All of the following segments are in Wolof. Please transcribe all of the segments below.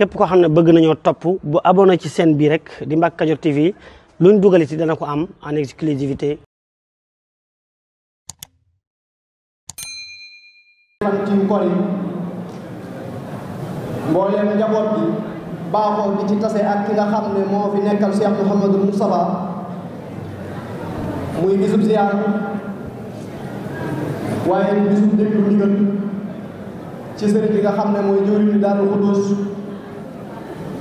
képp koo xam ne bëgg nañoo topp bu abonné ci chaîne bi rek di Mbacke Kadior TV luñ dugal ci dana ko am en exclusivité ci njaboot bi baaxoo bi ci tase ak nga xam ne moo fi nekkal Cheikh Mouhamadou Moustapha muy bisub ziyaar waaye bisub déglu ndigal ci sëriñ bi nga xam ne mooy jëwriñu Daaru Xudoos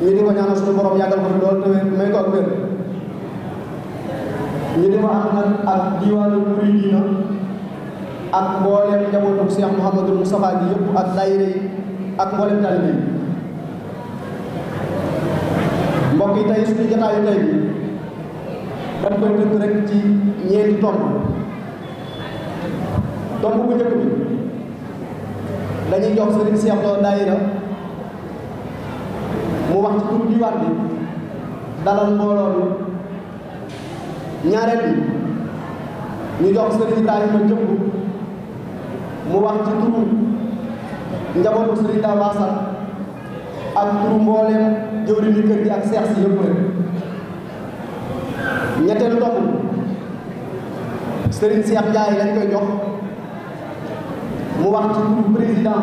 ñu di ko ñaanal suñu borom yàggal ko fi lool te may ko ak wér ñu di ko ànd nag ak diwaanu muridina ak mbooleem njabootu Cheikh Mouhamadou Moustapha gi yëpp ak daayira yi ak mbooleem taalibe yi mbokk yi tey suñu jotaayu tey bi dañ koy tënk rek ci ñeenti tomb tomb bu njëkk bi dañuy jox sëriñ Cheikh Lo daayira mu wax ci turu diwaan bi dalal mbooloo mi ñaareel bi ñu jox Serigne Ibrahima Jëmb mu wax ci turu njabootu Serigne Daw Assane ak turu mbooleem jëwri ni kër gi ak seex si yëpp rek ñetteelu tomb Serigne Cheikh Ndiaye lañ koy jox mu wax ci turu président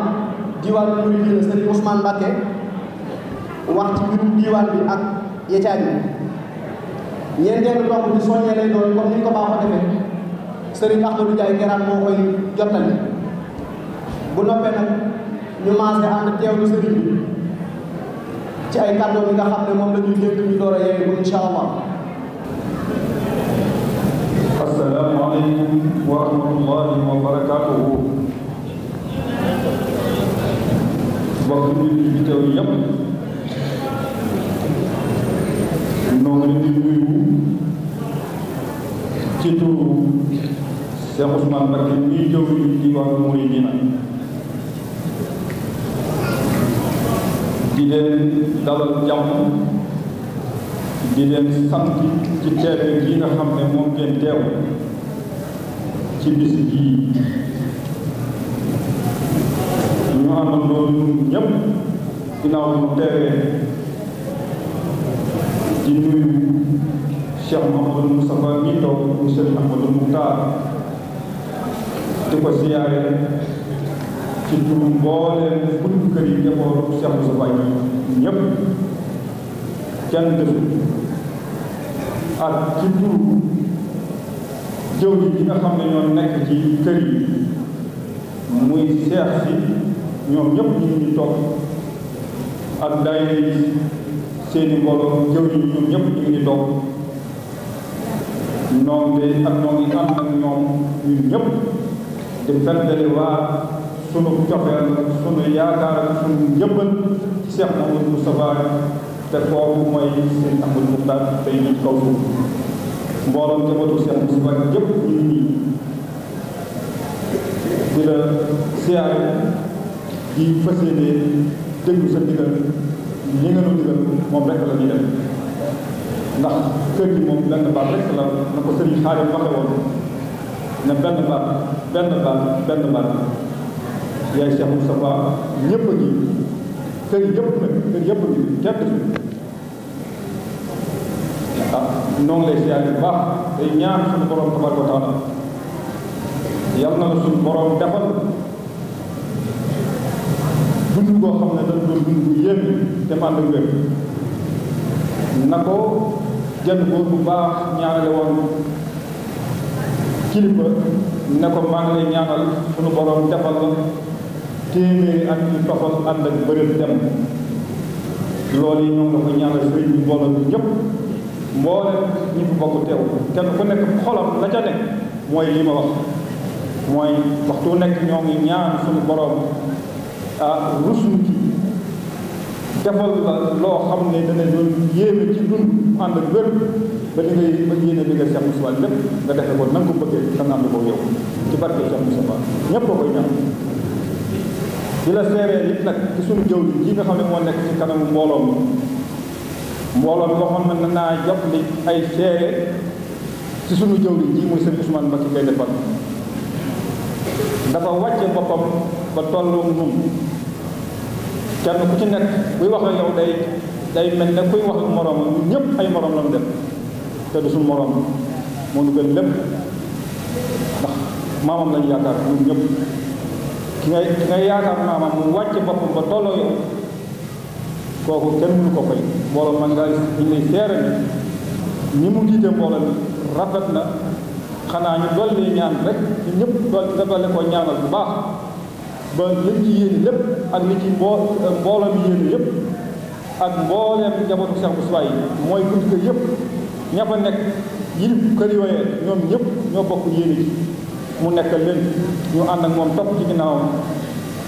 diwaanu Mouride Serigne Ousmane Mbacké wax ci mbirum diiwaan bi ak yeccaaju ñeenteelu tomb bi soññee lay doon comme ni ñu ko baaxoo defee sëriñ Ahmadou Ndiaye Kérane moo koy jottali bu noppee nag ñu maase ànd teewlu sëriñ bi ci ay kàddu yi nga xam ne moom la ñuy dégg ñu door a yeewee ko incha allah. asalaamaaleykum wa rahmatullahi wa barakaatuhu. mbokk yi ñu ngi teew yëpp. ñoo ngi leen di nuyu ci turu Cheikh Ousmane Mbacké ñuy jëw yi ci wàllu mooy dina di leen dalal jàmm di leen sant ci teewe gi nga xam ne moom ngeen teew ci bis jii ñu àndandoo ñun ñëpp ginnaaw ñu teewee di nuyu Cheikh Mouhamadou Moustapha mi toog mu Cheikh Ahmadou Moukhtar di ko siyaare ci turu mbooleem buntu kër yi njabootu Cheikh Moustapha yi ñëpp kenn defu ak ci turu jëw ji nga xam ne nekk ci kër muy seex si ñoom ñëpp ñu ngi toog ak daayira yi seeni mbooloo jëw yi ñun ñëpp ñu ngi toog noonu de ak noonu yi ànd ak ñoom ñun ñëpp di feddali waa sunu cofeel sunu yaakaar ak sunu njëbbal ci Seex Ahmadu Mustafaa te foofu mooy seen Ahmadu Muxtaar tey ñu kaw suuf mbooloom njabootu Seex Mustafaa yëpp ñu ngi nii di la siyaare di fas yéene déglu sa digal li nga nu digal moom rek la ñuy def ndax kër gi moom benn baat rek la na ko sëriñ xaaral waxe woon ne benn baat benn baat benn baat yaay Cheikh Moustapha ñëpp a ngi kër yëpp nag kër yëpp a kenn ah noo ngi lay siyaar bu baax day ñaan suñu borom tabaraka wa taala yal na la suñu borom defal dund goo xam ne dañ doon dund bu yéeme te man ak na ko jënd góor bu baax ñaanale woon kilifa ne ko maa lay ñaanal sunu borom defal la téeméeri ak ñu toppal ànd ak bërëb dem loolu yi ñoom la ko ñaanal sëriñ bi mbooloo bi ñëpp mboolem ñi fi bokk teew kenn ku nekk xolam la ca nekk mooy li ma wax mooy waxtu nekk ñoo ngi ñaan sunu borom ah rusum ci defal la loo xam ne dana doon yéeme ci dund ànd ak wér ba li ngay ba yéene bi nga Cheikh Moussa nga defe ko na nga ko bëggee dana ànd ko yow ci barke Cheikh Moussa ñépp ko koy ñaan di la seeree it nag ci suñu jëw ji nga xam ne moo nekk ci kanamu mbooloo ma mbooloo mi waxoon na na naa jot li ay seere ci suñu jëw ji muy sëñ ma Mbacké Gaïndé Fatma dafa wàcce boppam ba tollu nun kenn ku ci nekk buy wax ak yow day day mel ne kuy wax ak moroom ñun ñëpp ay moroom la mu def te du suñ moroom moo nu gën lépp ndax maamam lañu yaakaar ñun ñëpp ki ngay ki ngay yaakaar maamam mu wàcc boppam ba tolloo yow kooku kenn mënu ko koy mbooloo man nga ñu lay seere ni ni mu jiite mbooloo mi rafet na xanaa ñu dolli ñaan rek ñu ñëpp dolli ko ñaanal bu baax ba liñ ci yéene lépp ak li ci mbool euh, mbooloo mi yépp ak mbooleem njabootu Cheikh Moustapha yi mooy bunt kër yëpp ña fa nekk yilif kër yooyee ñoom ñëpp ñoo bokk yéene ji mu nekkal leen ñu ànd ak moom topp ci ginnaawam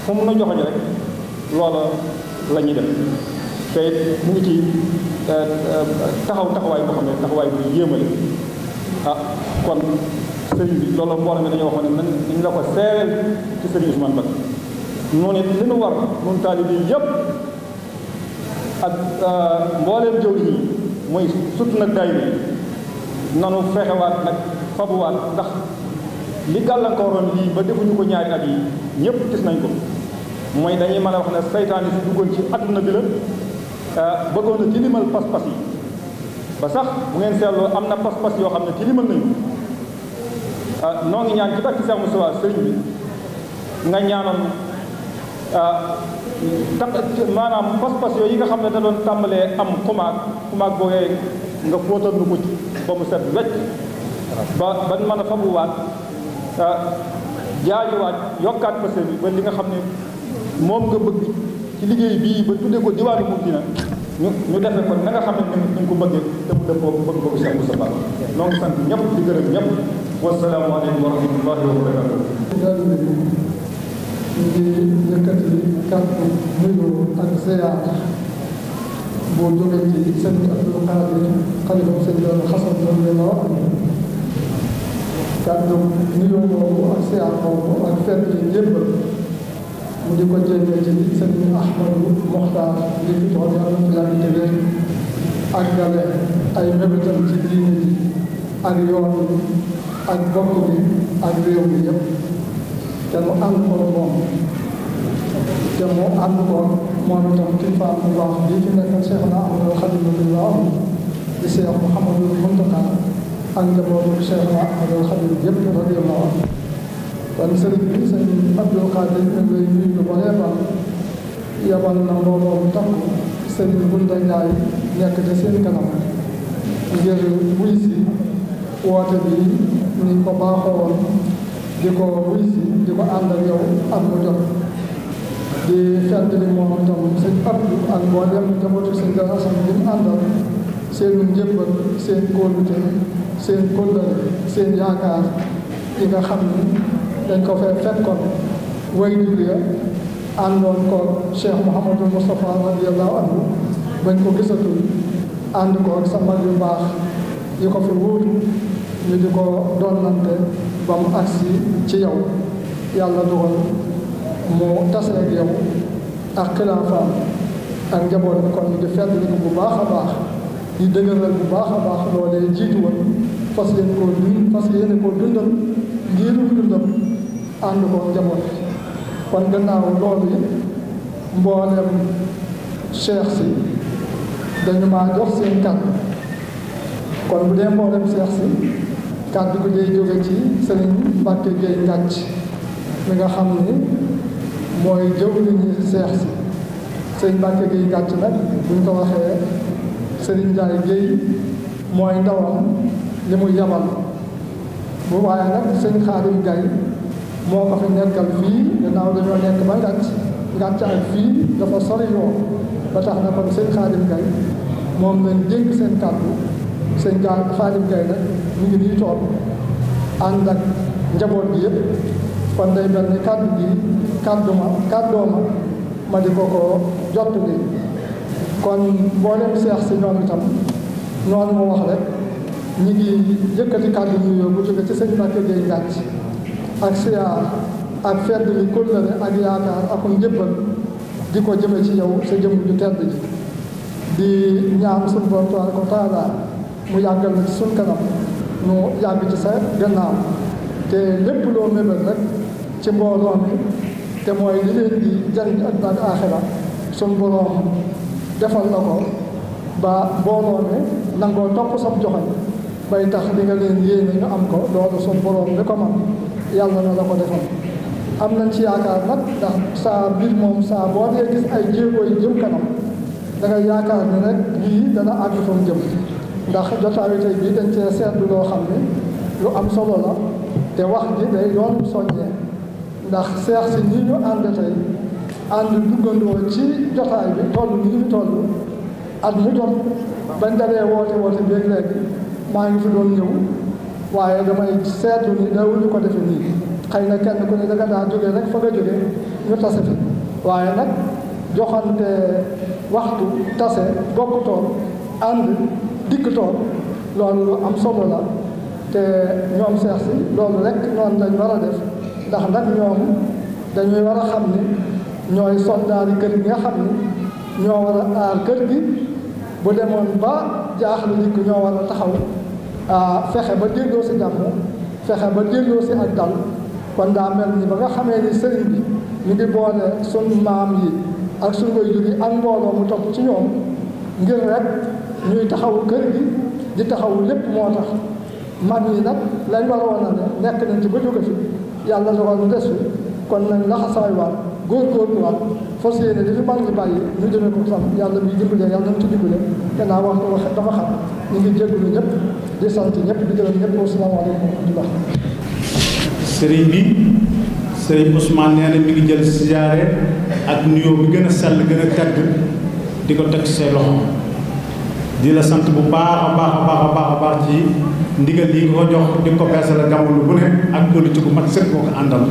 fu mu na joxoñ rek loola la ñuy def te mu ngi ci euh, euh, taxaw taxawaay boo xam ne taxawaay bu yéemale ah kon sëriñ bi loolu mbooloo mi wax waxoon ne nañ la ko seereel ci sëriñ Ousmane Ba noonu it li nu war nun taalib yi yëpp ak euh, mbooleem jëw yi muy sut nag day bi nanu fexewaat nag fabuwaat ndax li gàllankooroon lii ba defuñu ko ñaari at yi ñëpp gis nañ ko mooy dañuy mën a wax ne saytaan yi duggoon ci adduna bi la euh, bëggoon na ci limal pas-pas yi ba sax bu ngeen seetloo am na pas-pas yoo xam ne ci limal nañu euh, noo ngi ñaan ci barki Seex Musaa sëriñ bi nga ñaanoon Euh, tax maanaam pas-pas yooyu yi nga xam ne da doon tàmbalee am xumaag xumaag boogee nga fóotal nu ko ci ba mu set wecc ba ban mën a fabuwaat euh, jaajuwaat yokkaat pasé bi ba li nga xam ne moom nga bëgg ci liggéey bii ba tuddee ko diwaanu mu dina ñu ñu defe ko na xam ne ni ñu ko bëggee te mu dëppoo bëgg bëgg Cheikh Moussa Ba noo ngi sant ñëpp di gërëm ñëpp wasalaamu aleykum wa rahmatullahi wa ñu ngi yëkkati kàddu nuyoo ak ziar bu jógee ci sëñ Abdou Khadre xalifa sëñ Doon Xasan doon leen wax kàddu nuyoo boobu ak ziar boobu ak fenn yëppal mu di ko jëlee ci sëñ Ahmadou Mokhtar li fi toog yàlla fi yàgg te wér ay mébétam ci diine ji ak yoon bi ak bokk bi ak réew mi yëpp te mu ànd koog moom te mu ànd koog moom itam kilifa bu baax bii fi nekk Cheikh na Ahmadou Khadim Billah di Cheikh Mouhamadou Mountakha ak njabootu Cheikh na Ahmadou Khadim yëpp radiyallahu anhu kon sëriñ bi sëñ Abdou Khadim ñu ngi lay nuyu lu bëree ba yabal na mbooloo mu takk sëriñ Bunda Ndiaye nekk ci seen kanam ngir wuy si woote bi ni ko baaxoo woon di ko wuy si di ko ànd ak yow am mu jot di fent li moom tam sëñ Abdu ak mboolem njabootu sëñ Dara Sam bi mu àndal seen njëbbal seen kóolute seen kóllëre seen yaakaar yi nga xam ni dañ ko fee fekkoon way jur ya àndoon ko Cheikh Mouhamadou Moustapha radiyallahu anhu bañ ko gisatul ànd ko sa mag yu baax yi ko fi wuutu ñu di ko doonante ba mu agsi ci yow yàlla dogal mu tase ak yow ak xilaafaam ak njaboot bi kon di fedd li bu baax a baax di dëgëral bu baax a baax loolee jiitu fas yéen koo dund fas yéene koo dundal ngirum dundal ànd ko njaboot bi kon gannaaw loolu yi mboolem cheikh si dañu maa jox seen kàddu kon bu dee mboolem cheikh si kàddu gi day jóge ci sëriñ Mbàkke Géey ngàcc mi nga xam ni mooy jëw li ñu seex si sëriñ Mbàkke Géey ngàcc nag buñ ko waxee sëriñ Njaay Géey mooy ndawam li mu yabal bu waaye nag sëñ Xaadim Gay moo ko fi nekkal fii gannaaw dañoo nekk ba ngàcc ngàcc ak fii dafa sori ba tax na kon sëñ Xaadim Gay moom lañ dégg seen kàddu sëñ Gaal Xaadim Gay nag ñu ngi nii toog ànd ak njaboot bi yëpp kon day mel ni kàddu gi kàddu ma kàddoo ma ma di ko ko jot bi kon mboolem seex si ñoom itam noonu ma wax rek ñi ngi yëkkati kàddu nuyoo bu jóge ci sëñ Mbàkke Gay ngàcc ak siyaar ak fedd li kóllëre ak yaakaar akum njëbbal di ko jëme ci yow sa jëm ju tedd ji di ñaan suñu borom tabaaraka wa mu yàggal na ci suñ kanam mu yàgg ci sa gannaaw te lépp loo mébal rek ci mbooloo mi te mooy li leen di jariñ ak nag aaxira suñ boroom defal na ko ba mbooloo mi nangoo topp sab joxañ bay tax li nga leen yéene ñu am ko loolu suñ boroom li ko man yàlla na la ko defal am nañ ci yaakaar nag ndax saa mbir moom saa boo dee gis ay jéego jëm kanam da yaakaar ni rek lii dana àgg jëm ndax jotaayu tey bii dañ cee seetlu loo xam ne lu am solo la te wax ji day yoonu soññee ndax seex si ñi ñu ànd tey ànd duggandoo ci jotaay bi toll nii ñu toll mu jot bañ dalee woote woote beeg léegi maa ngi fi doon ñëw waaye damay seetlu ni dawuñu ko defe nii xëy na kenn ku ne da nga daa jóge rek fa nga jóge ñu tase fi waaye nag joxante waxtu tase bokk tool ànd dikk toog loolu lu am solo la te ñoom seex si loolu rek noonu lañ war a def ndax nag ñoom dañuy war a xam ni ñooy soldaari kër gi nga xam ne ñoo war a aar kër gi bu demoon ba jaaxle nit ki ñoo war a taxaw fexe ba déggoo si jàmm fexe ba dégloo si ak dal kon daa mel ni ba nga xamee ni sëriñ bi ñu ngi boole sunu maam yi ak sunu waajur yi ak mbooloo mu topp ci ñoom ngir rek ñuy taxawu kër gi di taxawu lépp moo tax mag yi nag lañ waroon a ne nekk nañ ci ba jóge fi yàlla dogal mu des fi kon nañ laxasaay waat góorgóorlu waat fas yéene li fi mag ñi bàyyi ñu jëme ko sam yàlla bi dimbale yàlla nañ ci dimbale te naa ñëpp di sant ñëpp di gërëm ñëpp wasalaamaaleykum wa rahmatullah sëriñ bi sëriñ Ousmane nee mi ngi jël siyaare ak nuyoo bi gën a sell gën a bi di ko teg say loxo di la sant bu baax a baax a baax a baax a baax ci ndigal lii nga ko jox di ko beesal gàmmu bu ne ak politique bu mag sëkk boo ko àndal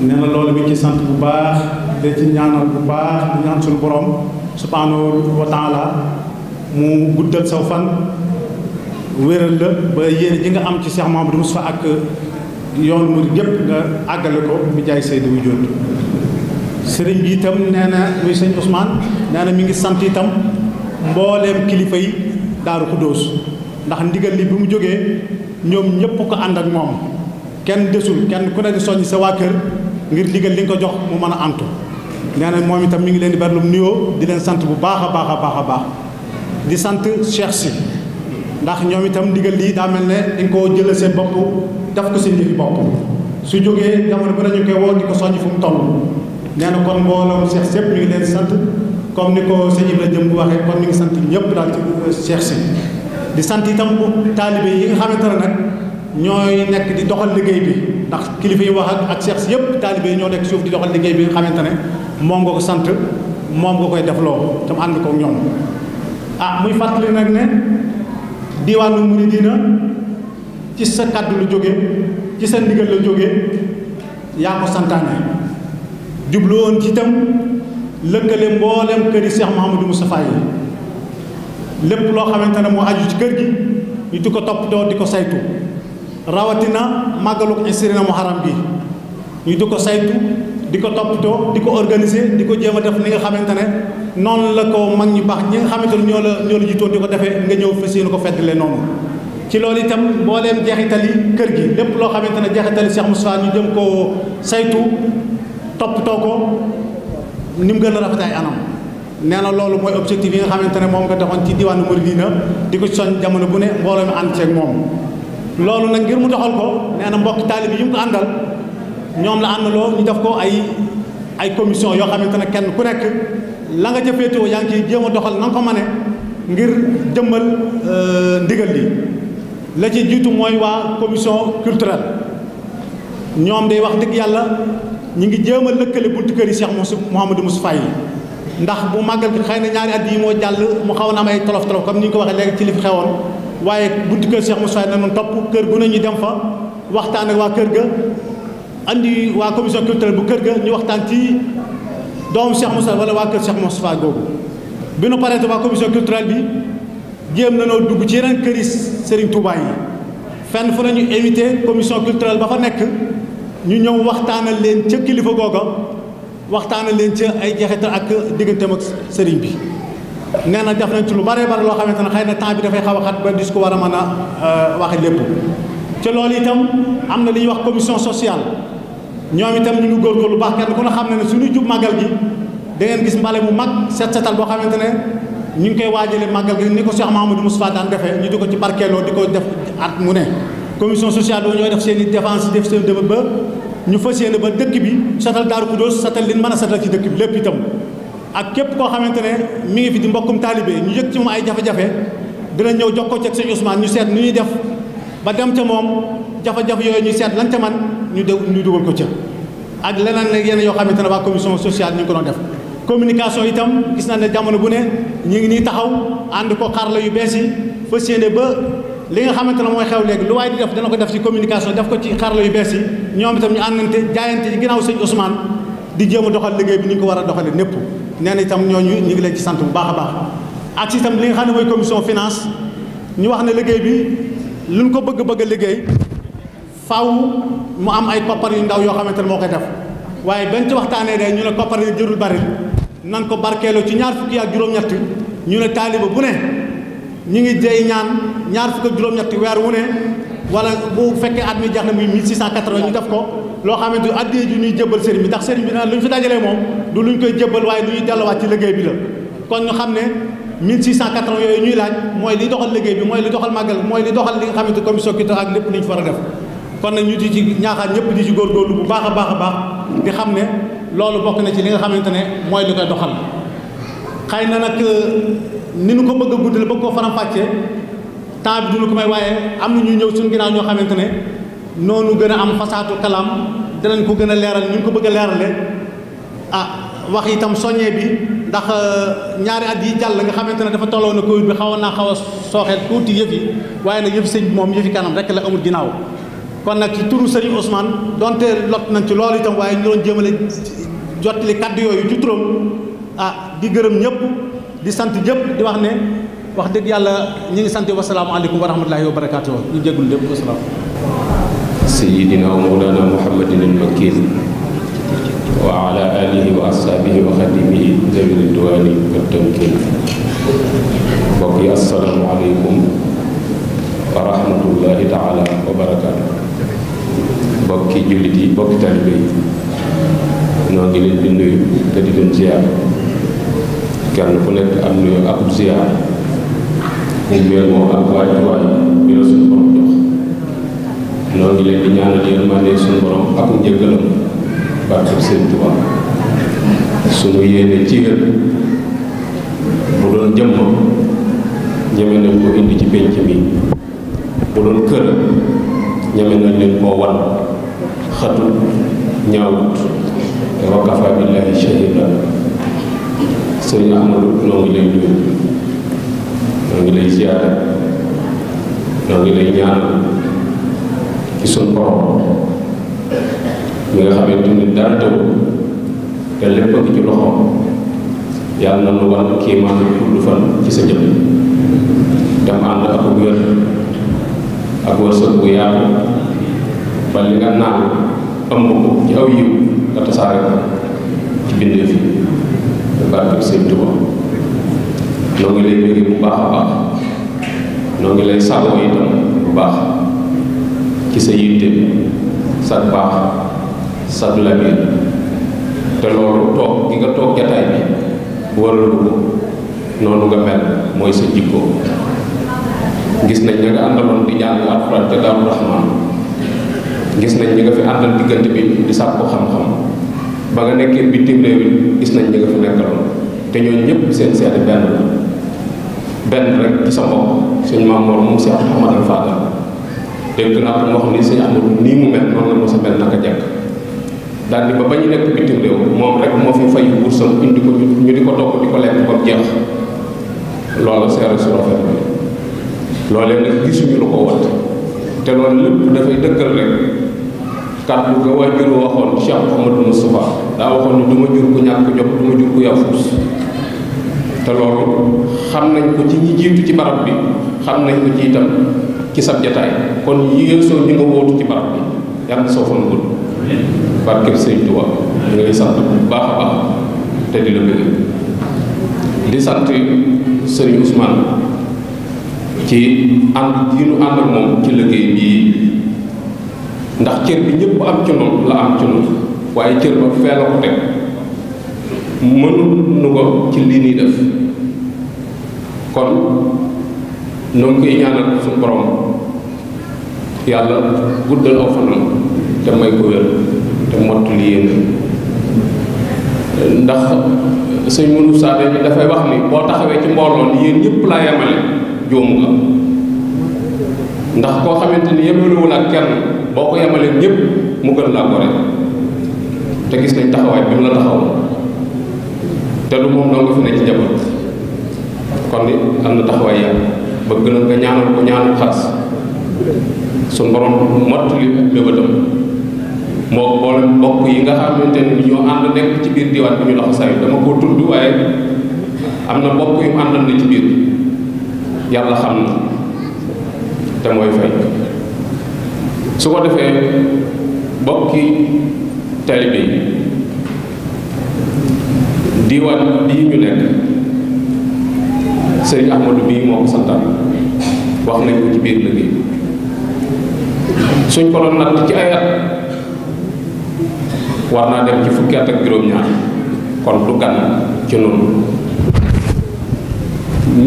nee na loolu mi ci sant bu baax de ci ñaanal bu baax ñaan suñu borom subhanahu wa taala mu guddal saw fan wéral la ba yéene ji nga am ci Seex Mamadu Mustafa ak yoonu murid yépp nga àggale ko bi jaay Seydou wu jot sëriñ bi itam nee na muy sëñ Ousmane nee na mi ngi sant itam mbooleem kilifa yi daaru xuddoos ndax ndigal li bi mu jógee ñoom ñëpp ko ànd ak moom kenn desul kenn ku nekk soññ sa waa kër ngir ndigal li nga ko jox mu mën a antu nee moom itam mi ngi leen di berlum nuyoo di leen sant bu baax a baax a baax a baax di sant cheikh si ndax ñoom itam ndigal lii daa mel ne dañ koo jëlee seen bopp def ko seen njëfi bopp su jógee jamono bi nañu koy woo di ko soññ fu mu toll nee na kon mbooloom cheikh sépp mi ngi leen sant comme ni ko sëñ Ibrahima jëm bu waxee kon ñu ngi sant ñëpp daal ci euh, Cheikh si di sant itam bu taalibe yi nga xamante ne nag ñooy nekk di doxal liggéey bi ndax kilifa yi wax ak ak Cheikh si yëpp taalibe yi ñoo nekk suuf di doxal liggéey bi nga xamante ne moom nga ko sant moom nga koy defloo tam ànd ko ñoom ah muy fàttali nag ne diwaanu muridina ci sa kàddu lu jóge ci sa ndigal la jóge yaa ko santaane jublu ci itam lëkkale mbooleem kër yi Cheikh Mouhamadou Moustapha yi lépp loo xamante ne moo aju ci kër gi ñu di ko toppatoo di ko saytu rawatina màggaluk insirina muharam bi ñu di ko saytu di ko toppatoo di ko organiser di ko jéem a def ni nga xamante ne noonu la ko mag ñu baax ñi nga xamante ne ñoo la ñoo la jiitoon di ko defee nga ñëw fas yéene ko feddle noonu ci loolu itam mbooleem jeexitali kër gi lépp loo xamante ne jeexitali Cheikh Moustapha ñu jëm koo saytu ko ni mu gën a rafet ay anam nee na loolu mooy objectif yi nga xamante ne moom nga doxoon ci diwaanu Muridina di ko soñ jamono bu ne mbooloo mi ànd ceeg moom loolu nag ngir mu doxal ko nee na mbokki taalib yi mu ko àndal ñoom la loo ñu def ko ay ay commission yoo xamante ne kenn ku nekk la nga jëfeetoo yaa ngi ciy jéem a doxal na nga ko mane ngir jëmmal euh, ndigal li la ci jiitu mooy waa commission culturelle ñoom day wax dëgg yàlla ñu ngi jéem a lëkkale buntu kër yi Cheikh Mouhamadou Moustapha yi ndax bu màggal gi xëy na ñaari at yi moo jàll mu xaw na am ay tolof tolof comme ni ñu ko waxee léegi ci li fi xewoon waaye buntu kër Cheikh Moustapha yi na noonu topp kër gu ne dem fa waxtaan ak waa kër ga andi waa commission culturelle bu kër ga ñu waxtaan ci doomu Cheikh Moustapha wala waa kër Cheikh Moustapha googu bi nu paree waa commission culturelle bi jéem na noo dugg ci yeneen kër yi Serigne Touba yi fenn fu nañu invité commission culturelle ba fa nekk ñu ñëw waxtaanal leen ca kilifa googa waxtaanal leen ca ay jeexital ak digganteem ak sëriñ bi nee na def nañ ci lu bare bare loo xamante ne xëy na temps bi dafay xaw a ba dis ko war a mën a euh, waxe lépp ca loolu itam am na li ñuy wax commission sociale ñoom itam ñu ngi góorgóorlu baax kenn ku ne xam ne ne suñuy jub màggal gi da ngeen gis mbale mu mag set setal boo xamante ne ñu ngi koy waajale màggal gi ni ko Cheikh Mahamadou Moustapha daan defee ñu di ko ci barkeeloo di ko def at mu ne commission sociale boobu ñooy def seen i défense def seen dëbët ba ñu fas yéene ba dëkk bi satal Daaru Xudóos satal liñ mën a satal ci dëkk bi lépp itam ak képp koo xamante ne mi ngi fi di mbokkum taalibe ñu yëg ci moom ay jafe-jafe dina ñëw jox ko ci ak sëñ Ousmane ñu seet nu ñuy def ba dem ca moom jafe-jafe yooyu ñu seet lan ca ñu de ñu dugal ko ca ak leneen ak yeneen yoo xamante ne waa commission sociale ñu ngi ko doon def communication itam gis naa ne jamono bu ne ñu ngi nii taxaw ànd ko xarala yu bees yi fas yéene ba li nga xamante ne mooy xew léegi lu waaye di def dana ko def ci communication def ko ci xarala yu bees yi ñoom itam ñu àndante jaayante ci ginnaaw sëñ Ousmane di jéem a doxal liggéey bi ni ñu ko war a doxale népp nee na itam ñooñu ñu ngi leen ci sant bu baax a baax ak si itam li nga xam ne mooy commission finance ñu wax ne liggéey bi luñ ko bëgg bëgg a liggéey faw mu am ay koppar yu ndaw yoo xamante ne moo koy def waaye benn ci waxtaanee de ñu ne koppar yi jërul bari nan ko barkeeloo ci ñaar ak juróom ñu ne taaliba bu ne ñu ngi jey ñaan ñaar fukk ak juróom-ñetti weer wu ne wala bu fekkee at mi jeex na muy 1680 ñu def ko loo xamante ni addee ji ñuy jëbbal sëriñ bi ndax bi naan lu ñu fi dajalee moom du waaye lu ñuy delluwaat ci bi la xam ne 1680 yooyu ñuy laaj mooy li doxal liggéey bi mooy li doxal màggal mooy li doxal li nga xamante commission culturelle ak lépp li ñu fa war a kon nag ñu di ci ñaaxaat ñëpp di ci góorgóorlu bu baax a baax a baax di xam ne loolu bokk na ci li nga xamante ne mooy li koy doxal xëy na nag euh, ni nu ko bëgg a guddal bëgg koo faram-fàccee temps bi du ñu ko may waaye am na ñu ñëw suñu ginnaaw ñoo xamante ne noonu gën a am fasaatu kalaam danañ ko gën a leeral ñu ngi ko bëgg a leerale ah wax itam soññee bi ndax euh, ñaari at yi jàll nga xamante ne dafa tolloo na Covid bi xawoon naa xaw a sooxeel tuuti yëf yi waaye nag yëpp sëñ bi moom yëfi kanam rek la amul ginnaaw kon nag ci turu sëriñ Ousmane donte lot nañ ci loolu itam waaye ñu doon jéemale jottali kaddu yooyu ci ah di gërëm ñëpp di sant ñëpp di wax ne wax dëgg yàlla ñu ngi sant wasalaamualeykum wa rahmatullahi wa barakaatu ñu jéggul lépp wasalaam sayidina wa mawlana muhammadin al wa ala alihi wa ashabihi wa xadimihi zawi ridwani wa tamkin mbokk yi asalaamualeykum wa wa barakaatu mbokki jullit yi mbokki talibe yi leen di nuyu te di leen ziar kenn ku nekk am nuyoo ak ziar ñu mel moom ak waajuwaay bi la suñu borom jox noo leen di ñaanal yërmande suñu borom ak njëgalam barke Sëriñ Tuubaa suñu yéene ci yéen bu doon jëmm ñeme nañ ko indi ci pénc mi bu doon kër ñeme nañ leen koo wan xatul ñaawut wa kafaa billaahi shahiida sëñ Ahmadou noo ngi lay nuyu noo lay ziyaare noo lay ñaan ci suñ borom ñi nga xamante ni dara tëw te lépp a ngi yàlla na wan kiimaan lu fan ci sa jëm te mu ànd ak wér ak wërsëg bu yaatu ba li nga naan ëmb ko ci aw yiw nga tasaare ko ci bindee fi barke sëñ Tuba baax ci sa yitte toog gi nga bi waral ko noonu nga mel mooy sa jikko gis nañ ña nga àndaloon di jàng alxuraan te Daaru Rahmaan gis nañ ñi nga fi àndal diggante bi di sàkku xam-xam ba nga nekkee bitim réew it gis nañ ñi nga fa te ñooñu ñëpp seen seede benn la benn rek ci sa bopp suñ maamoor ko mu wax ni suñu a mel naka jekk ba ba nekk bitim réew moom rek moo fi fay wursam indi ko ñu di ko topp di ko lekk ba jeex loolu seere su rafet ko wat te loolu lépp dafay dëkkal rek kàddu ga waajuru waxoon Cheikh Ahmadou Moustapha daa waxoon ni du ma jur ku ñàkk jot du jur ku yaafus te loolu xam nañ ko ci ñi jiitu ci barab bi xam nañ ko ci itam ci sab jataay kon yéesoo ñi nga wóotu ci barab bi yàlla soo fan gudd barkeb sëñ Tuba ñu sant bu baax a baax te di la bëgg di sant sëriñ Ousmane ci ànd ji nu ànd moom ci liggéey bii ndax cër bi ñëpp am ci la am ci waaye cër ba fee la ko teg mënuñu ko ci lii nii def kon ñoo ngi koy ñaanal suñu borom yàlla guddal aw fanam te may ko wér te mottali yéen ndax sëñ mënu saade bi dafay wax ni boo taxawee ci mbooloo ni yéen ñëpp laa yemale jóomu nga ndax koo xamante ni yemalewul ak kenn boo ko yemalee ñëpp mu gën laa gore te gis nañ taxawaay bi mu la taxaw te lu moom doo nga fi ne ci njaboot kon ni am na taxawaay yàlla ba gën nga ñaanal ko ñaanal xas suñu borom mott li mébatam moo boole mbokk yi nga xamante ne bi ñoo ànd nekk ci biir diwaan bi ñu loxo sayu dama ko tudd waaye am na mbokk yu àndal na ci biir yàlla xam na te mooy fay su ko defee mbokk taalibe yi diwaan bii ñu nekk sëriñ Ahmadou bii moo ko santaan wax nañ ko ci biir liggéey suñ ko doon natt ci ay at war naa dem ci fukki at ak juróom-ñaar kon du gan ci noonu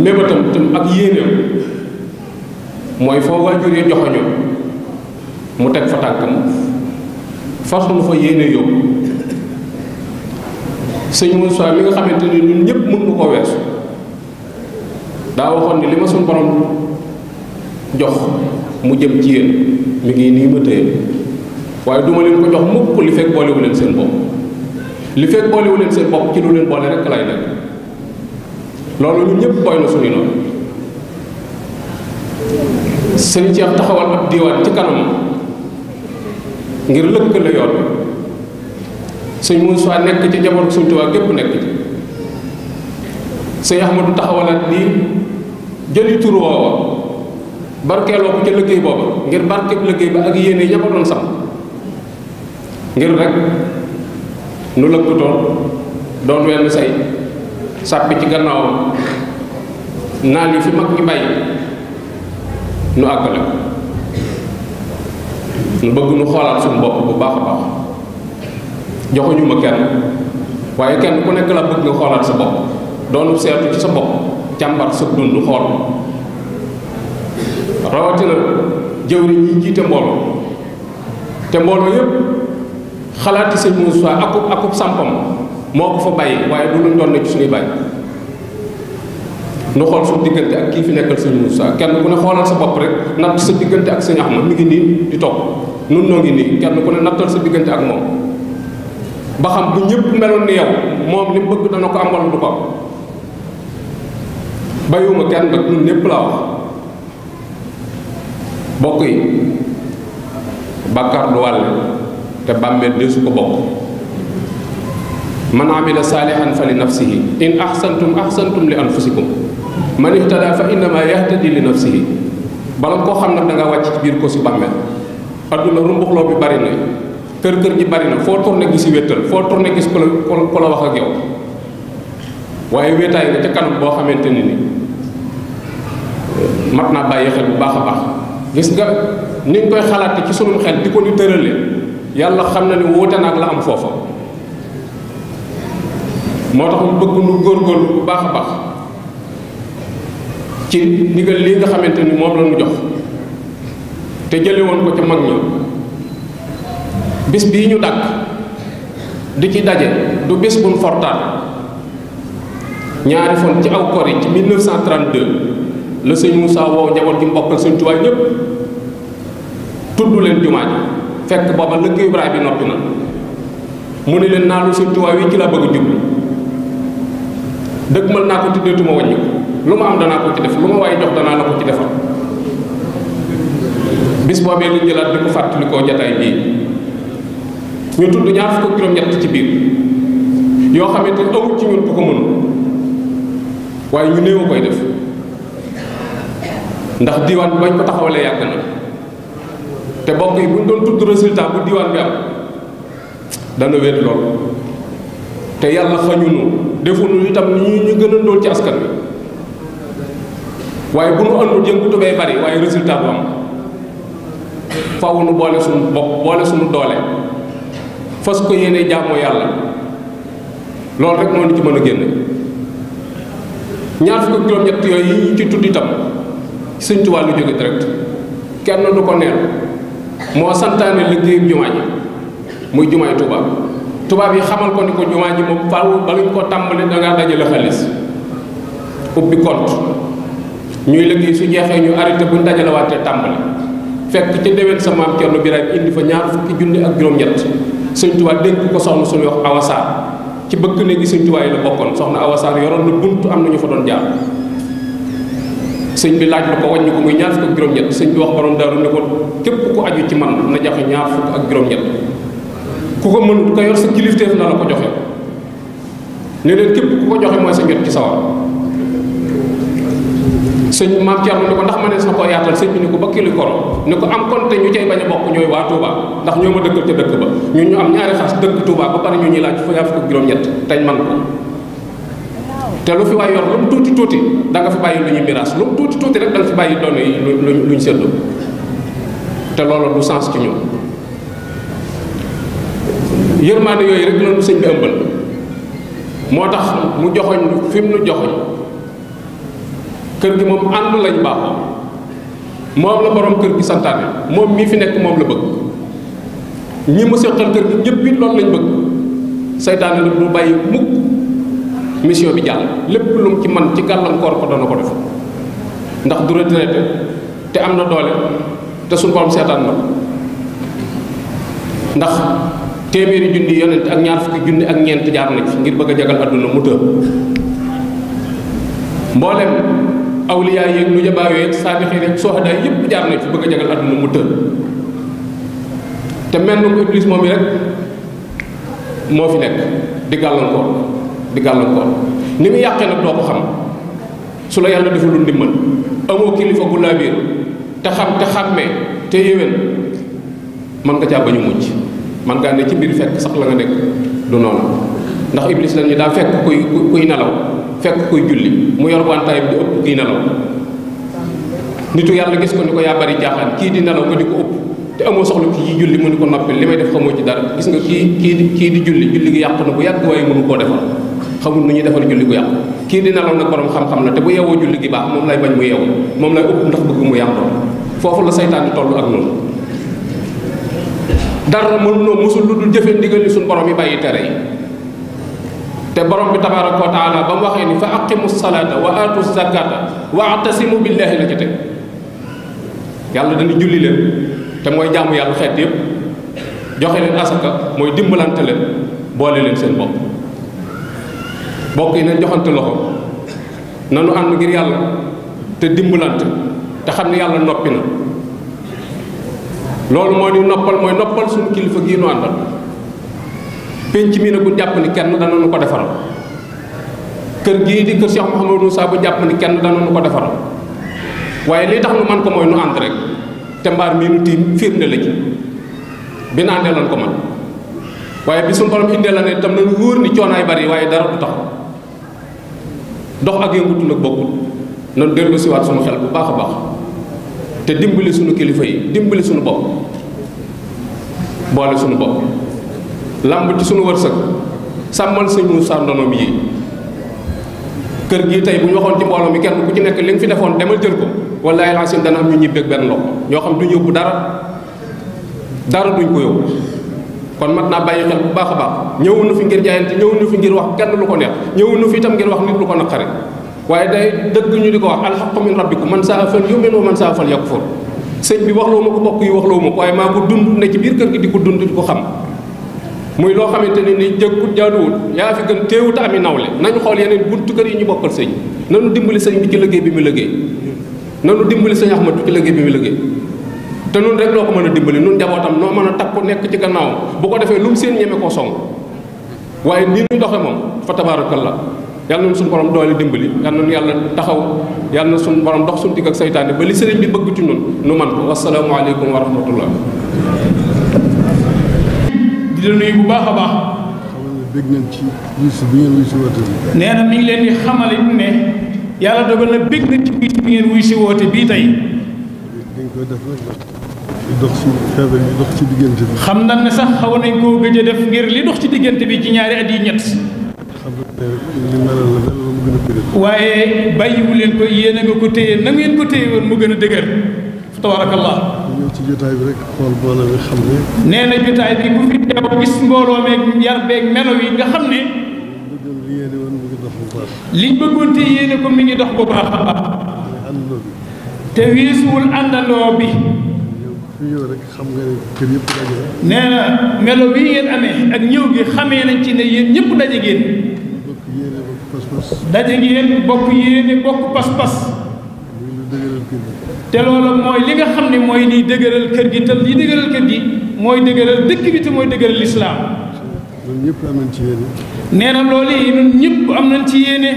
mébatam tam ak yéenéew mooy foo waajur yi joxoñu mu teg fa tànkam fasunu fa yéene yóbbu sëñ Moussa mi nga xamante ni ñun ñëpp mën nu ko weesu daa waxoon ni li ma suñ borom jox mu jëm ci yéen mi ngi nii ma tëye waaye duma leen ko jox mukk li fekk boolewu leen seen bopp li fekk boolewu leen seen bopp ci lu leen boole rekk lay nekk loolu ñun ñëpp koy na suñu noonu sëñ Cheikh taxawal ab diwaan ci kanam ngir lëkkale yoon sëñ Moussa nekk ci njaboot suñ Tuubaa gépp nekk ci sëñ Ahmadu taxawalaat nii jëli tur woowa barkeeloo ko ca liggéey booba ngir barkeeb lëggéey ba ak yéene ña ko sax ngir rek nu lëkkatoon doon wenn say sàppi ci gannaawam naal yi fi mag ñi nu àggale ko mu bëgg nu xoolaat suñu bopp bu baax baax joxuñu ma kenn waaye kenn ku nekk la bëgg nga xoolaat sa bopp doonu seetu ci sa bopp càmbar sa dund xool rawatina jëwriñ yi jiite mbooloo te mbooloo yépp xalaati sëñ Moussa akub akub sampam moo ko fa bàyyi waaye du luñ doon ne ci suñuy bàyyi nu xool suñu diggante ak kii fi nekkal sëñ sa kenn ku ne xoolal sa bopp rek natt sa diggante ak sëñ Ahmad mi ngi nii di topp nun noo ngi nii kenn ku ne nattal sa diggante ak moom ba xam bu ñëpp meloon ni yow moom li mu bëgg dana ko am wala du ko bayuma kenn nag nun ñëpp laa wax bokk yi bàkkaar du wàll te bàmmeel de su ko bokk man amila saalihan fa li nafsihi in ahsantum ahsantum li anfusikum man ihtada fa innama yahtadi li nafsihi bala koo xam nag da nga wàcc ci biir ko si bàmmeel adduna rumbuxloo bi bari na kër kër ji bari na foo tourné gisi wéttal foo tourné gis ku la ku la wax a yow waaye wéetaay nga ca kanam boo xamante ne ni mat naa bàyyi xel bu baax a baax gis nga ni koy xalaat xalaate ci sunum xel di ko ni tëralee yàlla xam na ne wóote naag la am foofa moo tax mu bëgg nu góorgóorlu bu baax a baax ci ndigal lii nga xamante ni moom lañu ñu jox te jële woon ko ca mag ñi bis bii ñu dàkk di ci daje du bis buñ fortaat ñaari fan ci aw kori ci 1932 la sëñ Moussa woow njaboot gi mbokkal sëñ Tuubaa ñépp tudd leen jumaa ji fekk booba lëggéey Ibrahima bi noppi na mu ne leen naa lu sëñ wi ci laa bëgg a jublu dëgg naa ko tuddeetuma wàññi lu ma am danaa ko ci def lu ma waaye jox danaa la ko ci defal bis boobee lu jëlaat di ko fàttalikoo jataay bii ñu tudd ñaar fukk juróom-ñett ci biir yoo xamante ni awut ci ñun bu ko mënu waaye ñu néew koy def ndax diwaan bi bañ ko taxawalee yàgg na te bokk yi buñ doon tudd résultat bu diwaan bi am dana wéet lool te yàlla xañunu defunu itam ni ñu gën a ndóol ci askan bi waaye bu nu ëndul yëngatu bay bari waaye résultat bu am faaw nu boole suñu bopp boole suñu doole fas ko yéene jaamoo yàlla loolu rek moo ni ci mën a génn ñaar fukk ak juróom-ñett yooyu yi ci tudd itam Sëñ Tuubaa lu jóge direct kenn du ko neel moo santaane liggéeyub jumaa ji muy jumaay Tuubaa tubaab yi xamal ko ni ko jumaa ji moom faaw ba nga ko tàmbali dangaa dajale xaalis ubbi compte ñuy liggéey su jeexee ñu arrêté bu ñu dajalewaatee tàmbali fekk ca déwén sa maam Cerno Birahim indi fa ñaar fukki junni ak juróom-ñett Sëñ ko soxna suñu wax awasaar ci bëkk néegi Sëñ Tuubaa yi la bokkoon soxna awasaar yoroon na buntu am na ñu fa doon jaar sëñ bi laaj la ko wàññi ko muy ñaar fukk ak juróom-ñett sëñ bi wax borom daaru ne ko képp ku aju ci man na joxe ñaar fukk ak juróom-ñett ku ko mënut ko yor sa kilifteef na la ko joxe ne leen képp ku ko joxe mooy sa jot ci sawar sëñ maam Thierno ni ko ndax mënees na koo yaatal sëñ bi ni ko ba kili ni ko am konte ñu cay bañ a bokk ñooy waa Touba ndax ñoo ma dëkkal ca dëkk ba ñu ñu am ñaari xas dëkk Touba ba pare ñu ñuy laaj fa ñett tañ man ko te lu fi yor tuuti tuuti da nga fi bàyyi lu ñuy miraas lu tuuti tuuti rek da bàyyi doon yi lu luñ seddoo te loolu du sens ci ñun yërmaande yooyu rek la ñu sëñ tax mu joxoñ fi mu nu joxoñ kër gi moom ànd lañ baaxoo moom la boroom kër gi santaane moom mii fi nekk moom la bëgg ñi mu seqal kër gi ñëpp it loolu lañ bëgg seytaane nag du bàyyi mukk mission bi jàll lépp lu mu ci man ci gàllankoor ko dana ko def ndax du retraité te am na doole te suñu borom seetaan na ndax téeméeri junni yonent ak ñaar fukki junni ak ñeent jaar na ci ngir bëgg a jagal àdduna mu tëb mboolem awliyaa yeeg nu jabaaw yeeg saabixi rek soxna yëpp jaar na ci bëgg a jagal àdduna mu tël te mel na ko iblis moom yi rek moo fi nekk di gàllankoor di gàllankoor ni mu yàqee nag doo ko xam su la yàlla deful ndimbal amoo kilifa gu laa biir te xam te xàmmee te yéwén man nga caa bañu mucc man ngaa ne ci biir fekk sax la nga nekk du noonu ndax iblis lañu daa fekk kuy kuy nelaw fekk koy julli mu yor wantaay di ëpp kii nelaw nitu yàlla gis ko ni ko yaa bari kii di nelaw ko di ko ëpp te amoo soxla kii julli mu ni ko noppi li may def xamoo ci dara gis nga kii kii kii di julli julli gi yàqu na bu yàgg waaye mënu koo defal xamul nu ñuy defal julli gu yàqu kii di nelaw nag borom xam-xam na te bu yeewoo julli gi baax moom lay bañ mu yeewoo moom lay ëpp ndax bëgg mu yàqu foofu la saytaan di toll ak noonu dara mënuloo mosul lu dul jëfe ndigal suñu borom yi bàyyi tere te borom bi tabaraka wa ba mu waxee ni fa aqimu salaata wa aatu zakata wa atasimu billahi la ca yàlla dañu julli leen te mooy jaamu yàlla xeet yépp joxe leen asaka mooy dimbalante leen boole leen seen bopp bokk yi nañ joxante loxo nanu ànd ngir yàlla te dimbalante te xam ne yàlla noppi na loolu moo di noppal mooy noppal suñu kilifa gii nu àndal penc mii nag bu jàpp ni kenn danañu ko defaral kër gii di kër Cheikh Mouhamadou Moussa bu jàpp ni kenn danañu ko defaral waaye li tax nu man ko mooy nu ànd rek te mbaar mii nu tiim firnde la ci bi nu àndee lan ko man waaye bi su borom indee la ne tam nañu wóor ni ay bari waaye dara du tax dox ak yëngutu nag bokkul noonu dellu si waat suñu xel bu baax a baax te dimbali suñu kilifa yi dimbali suñu bopp boole sunu bopp lamb ci sunu wërsëg sàmmal suñu sàndonom yi kër gii tey bu ñu waxoon ci mbooloo mi kenn bu ci nekk li fi defoon demal jël ko wallaahi laasim dana am ñu ñibbeeg benn loxo ñoo xam duñ yóbbu dara dara duñ ko yóbbu kon mat naa bàyyi xel bu baax a baax ñëwuñu fi ngir jaayante ñëwuñu fi ngir wax kenn lu ko neex ñëwuñu fi itam ngir wax nit lu ko naqare waaye day dëgg ñu di ko wax alxaqu min rabbikum man saa fal yu'min wa man saa fal yakfur sëñ bi waxloo ma ko bokk yi waxloo ma dund ne ci biir kër di ko dund ko xam muy loo xamante ne ni jëkkut jaaduwut yaa fi gën téewut ami nawle nañu xool yeneen buntu kër yi ñu bokkal sëñ nanu dimbali sëñ bi ci liggéey bi mu liggéey nanu dimbali sëñ Ahmadu ci liggéey bi mu liggéey te nun rek loo ko mën a dimbali nun njabootam noo mën a takku nekk ci gannaaw bu ko defee lu mu seen ñeme koo song waaye nii ñu doxe moom fa la yàlla na suñu borom doole dimbali yàlla na yàlla taxaw yàlla na suñu borom dox suñu digg ak seytaane ba li sëriñ bi bëgg ci ñun nu man ko wasalaamualeykum wa rahmatullah di la bu baax a baax. dégg nañ ci wis bi ngeen wisi nee na mi ngi leen di xamale ñu ne yàlla dogal na bég na ci wis bi ngeen wisi woote bii tey. dañ koy def li dox diggante bi. xam nañ ne sax xaw nañ koo gëj a def ngir li dox ci diggante bi ci ñaari at yi ñett. a dëgër. waaye bàyyiwu leen ko yéen a nga ko téye na ngeen ko téye woon mu gën a dëgër tabaarakallah ci jotaay bi rek xool mbooloo mi xam ne. nee na jotaay bi bu fi teew gis mbooloo meeg yar beeg melo yi nga xam ne. liñ bëggoon te yéene ko mi ngi dox bu baax a baax. te wiisuwul bi. nee na melo bii ngeen amee ak ñëw gi xamee nañ ci ne yéen ñëpp daje ngeen. daje ngeen bokk yéene bokk pas-pas. te loolu mooy li nga xam ne mooy liy dëgëral kër gi te liy dëgëral kër gi mooy dëgëral dëkk bi te mooy dëgëral lislaam ñun ñëpp am ci nee na loolu yi ñun ñëpp am nañ ci yéene.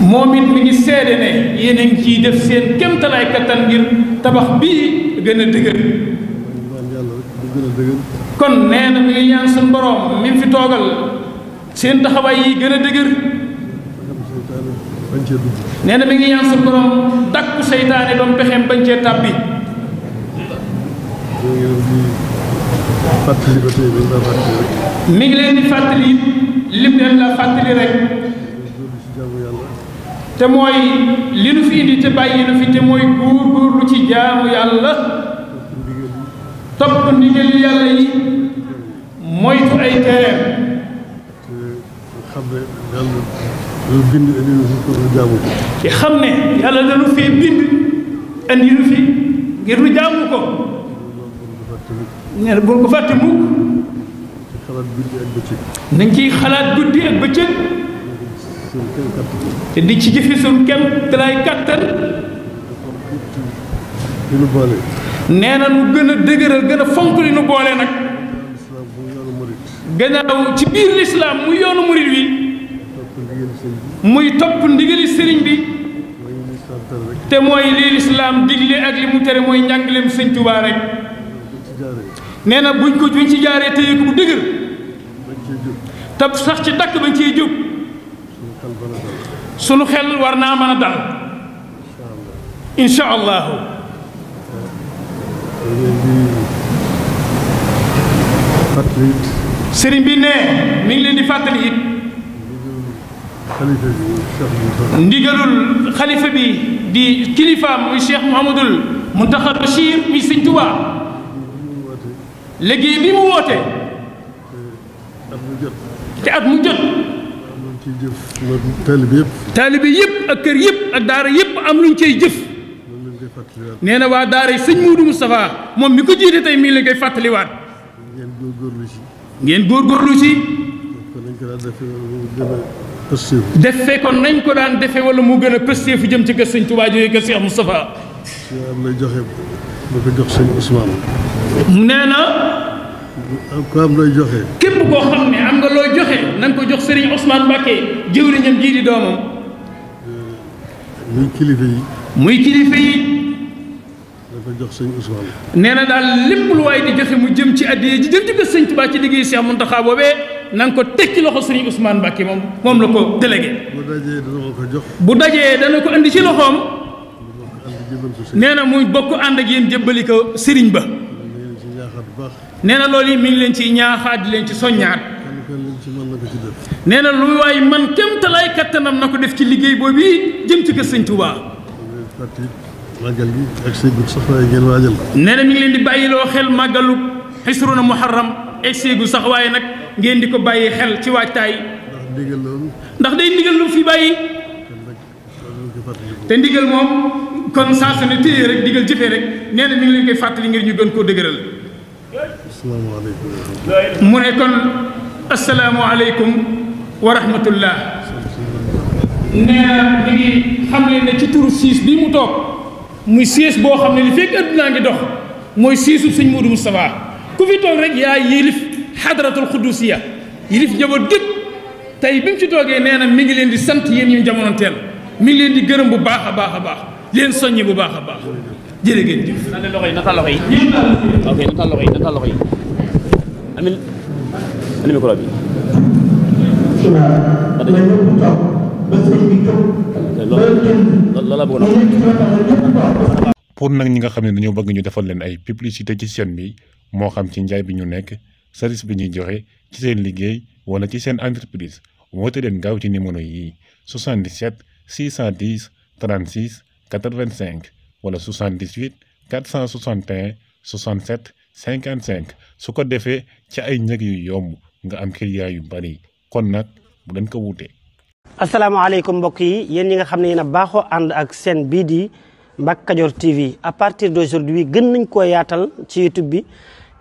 moom it mu ngi seede ne yéen a ngi ciy def seen kéemtalaay kattan ngir tabax bii gën a dëgër. kon nee na mi ngi ñaan suñu borom mi fi toogal seen taxawaay yi gën a dëgër. bañ bi dugg nee na mi ngi ñaan suñu seytaane doon pexeem bañ cee tàbbi. fàttali ba tey bi ngi leen di lim leen la fàttali rek. te mooy li nu fi indi te bàyyi nu fi te mooy góorgóorlu ci jaamu yàlla. topp ndigal yàlla yi. moytu ay tereem. bind jaamu ko. te xam ne yàlla dañu fee bind andi lu fi ngir nu jaamu ko. nee na bul ko fàtte mukk. nañ ciy xalaat guddi ak bëccëg. te di ci jëfe suñ kem tëlaay kàttan. nee na nu gën a dëgëral gën a fonk li nu boole nag. gannaaw ci biir lislaam mu yoonu murit wi. muy topp ndigali sëriñ bi te mooy li lislaam digle ak li mu tere mooy njàngaleem sëñ Tuubaa rek nee na buñ ko buñ ci jaaree téye ko bu dëgër te sax ci dakk bañ ciy jóg sunu xel war naa mën a dal incha sëriñ bi ne mi leen di fàttali it ndigalul xalifa bi di kilifaam muy Cheikh Mouhamadul Mountakha Bachir muy Sëñ Tuubaa liggéey bi mu woote te at mu jot taalibe yëpp ak kër yëpp ak daara yëpp am luñ cay jëf nee na waa daara yi sëñ Muudu Moustapha moom mi ko jiite tey mi ngi leen koy fàttaliwaat ngeen góorgóorlu ci ngeen defee ko nañ ko daan defee wala mu gën a pëstee fu jëm ci kër sëñ Tuubaa jooyu kër Cheikh Moustapha am joxe ko jox sëñ Ousmane nee na ku am looy joxe képp koo xam ne joxe na ko jox sëriñ Ousmane Mbacke jëwriñam jii di doomam muy kilifa yi muy kilifa yi ko jox sëñ Ousmane nee na daal lépp lu di joxe mu jëm ci addiya ji jëm ci kër sëñ ci liggéey Cheikh Mountakha boobee na ko teg ci loxo sëriñ Ousmane Mbacke moom moom la ko délégué. bu dajee dana ko jox. bu dajee dana ko indi ci loxoom. nee na muy bokk ànd ak yéen jëbbali ko sëriñ ba. nee na loolu yi mi ngi leen ciy ñaaxaat di leen ci soññaat. nee na lu waay man kéem talaay kattanam na ko def ci liggéey boobu yi jëm ci kër sëñ Touba. nee na mi ngi leen di bàyyiloo xel màggalu xisru na muharram egg seegu sax waaye nag. ngeen di ko bàyyi xel ci waajtaay ndax day ndigal lu fi bàyyi te ndigal moom kon saa su ne téye rek ndigal jëfee rek nee na mi ngi leen koy li ngir ñu gën koo dëgëral mu ne kon asalaamualeykum wa rahmatullah nee na mi ngi xam leen ne ci turu siis bi mu toog muy siis boo xam ne li fekk addunaa ngi dox mooy siisu sëñ Modou Moustapha ku fi toog rek yaa yilif xadratul xuddusiya yilif njaboot gépp tey bi ci toogee nee mi ngi leen di sant yéen ñu jamono teel mi leen di gërëm bu baax a baax a baax leen soññi bu baax a baax jërë ngeen jëf. pour nag ñi nga xam ne dañoo bëgg ñu defal leen ay publicité ci seen bi moo xam ci njaay bi ñu nekk. service bi ñuy joxe ci seen liggéey wala ci seen entreprise woote leen gaaw ci numéro yi 77 610 36 85 wala 78 461 67 55 su ko defee ci ay njëg yu yomb nga am client yu bari kon nag bu leen ko wuute. asalaamaaleykum mbokk yi yéen ñi nga xam ne yéen na baaxoo ànd ak seen bii di Mbacke Kadior TV à partir d'aujourd'hui gën nañ ko yaatal ci YouTube bi.